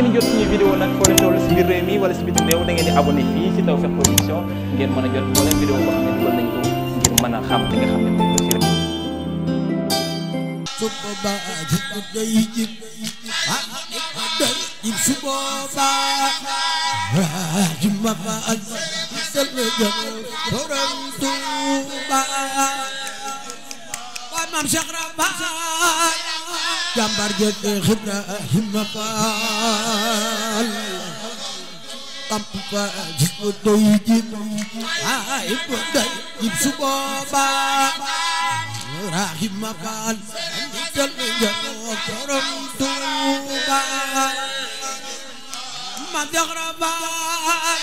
ngeen jot suñu vidéo nag foo leen toll si biir réew mi wala si biti réew da ngeen di abonné fii si Tawfekh Production ngeen mën a jot moo leen vidéo boo xam ne dugal nañ ko ngir mën a xam li nga xam ne moom la rek. su boobaa jikko day jib ah day jib su boobaa rajuma ma ak sëlëjëm borom Tuuba ba maam Cheikh Rabaay jàmbar jël e xibna himma faal tamp fa jib bu doy jib ay bu doy jib rahim ma faal andi jël e jël e borom Tuuba ma jaxra baal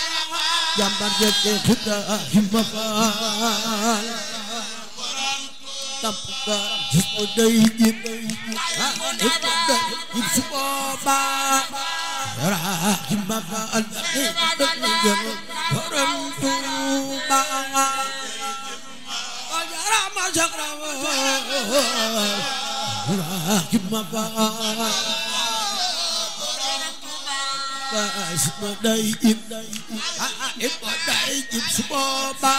jàmbar jël xibna himma faal tàmpuka jëpp day jëpp jëpp su boobaa rahima ba al jël borom Tuuba jarama sakrawa rahima ba borom Tuuba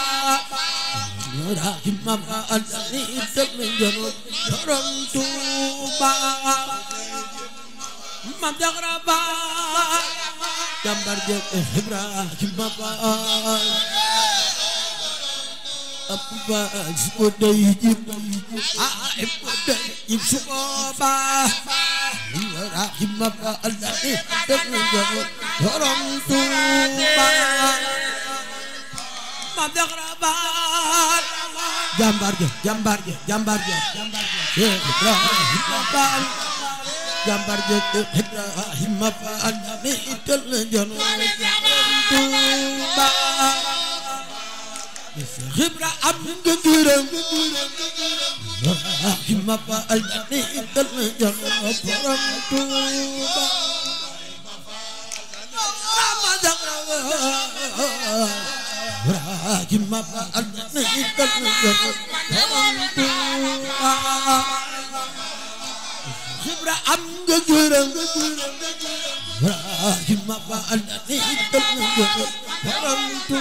Ibra Imam Alsani doomi Njool Borom Tuuba Mam Jaara Ba jàmbar jëf Ibra Imam Abba Sudey jib Aib Day jib Suba Ibra Imam Alsani doomi Njool Borom Tuuba jàmbaar ja jàmbaar ja jàmbaar ja jàmbaar ja Ibrahima Fall ni ital jon Tuuba Xibra am nga gërëm Ibrahima Fall ni ital jon borom Tuuba كما أنت خبرة أم جرى كما أنت فرمت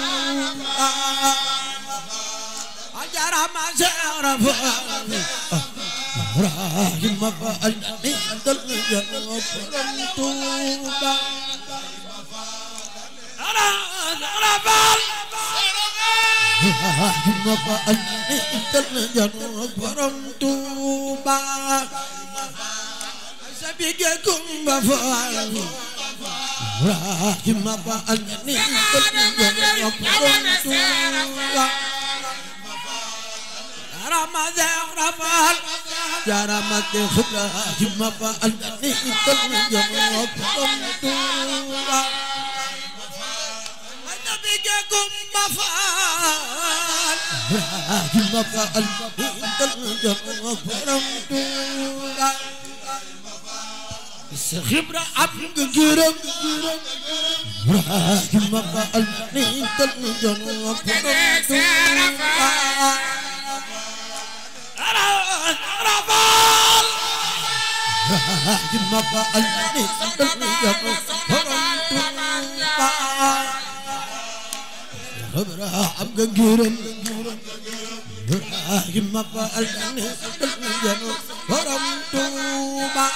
أجر ما شرف كما أنت فرمت أنا أنا ma fa nital janu borom Tuuba sabige kumba faal rahima fa nital janu borom Tuuba ramade rabal jaramate khudra rahima fa nital janu borom Tuuba ما فعل انت الجبر فرمت خبرة عبد جرم راكب ما فعل انت الجبر فرمت راكب ما فعل انت الجبر فرمت خبرها عم جنجيرن راهم ما فعلن الجن ورمت ما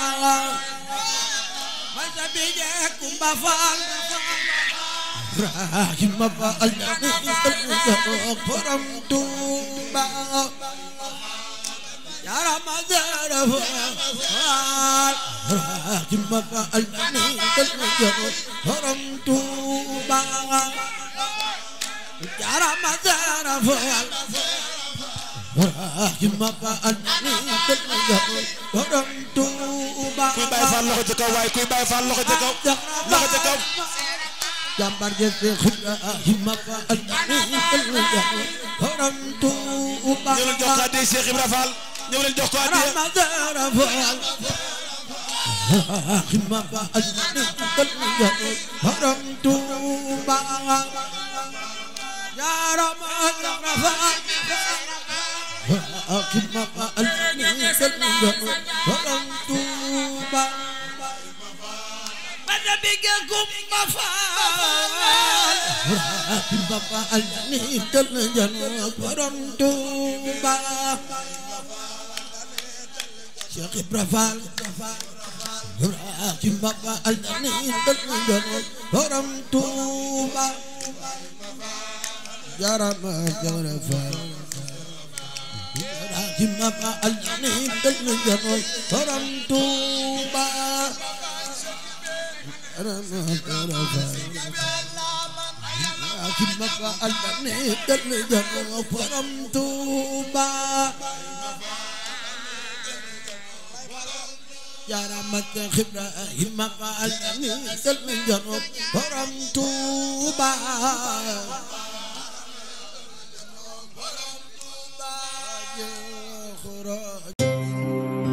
ما سبيجكم بفعل راهم ما فعلن الجن ورمت ما يا رمضان فعل راهم ما فعلن الجن ورمت ما kuy Baay Faal loxo ci kaw waaye kuy Baay Faal loxo ci kaw loxo ci kaw jàmbar je Seex Ibrahima Faal ñëw leen jox ko addi Seex Ibra Faal ñëw leen jox ko addi Seex Ibra Faal Borom Tuuba jarama jawra faal raakimama aljani belmi janoy borom Tuuba jarama jawra faal raakimama aljani belmi janoy borom Tuuba jarama jawra faal raakimama aljani belmi janoy borom Tuuba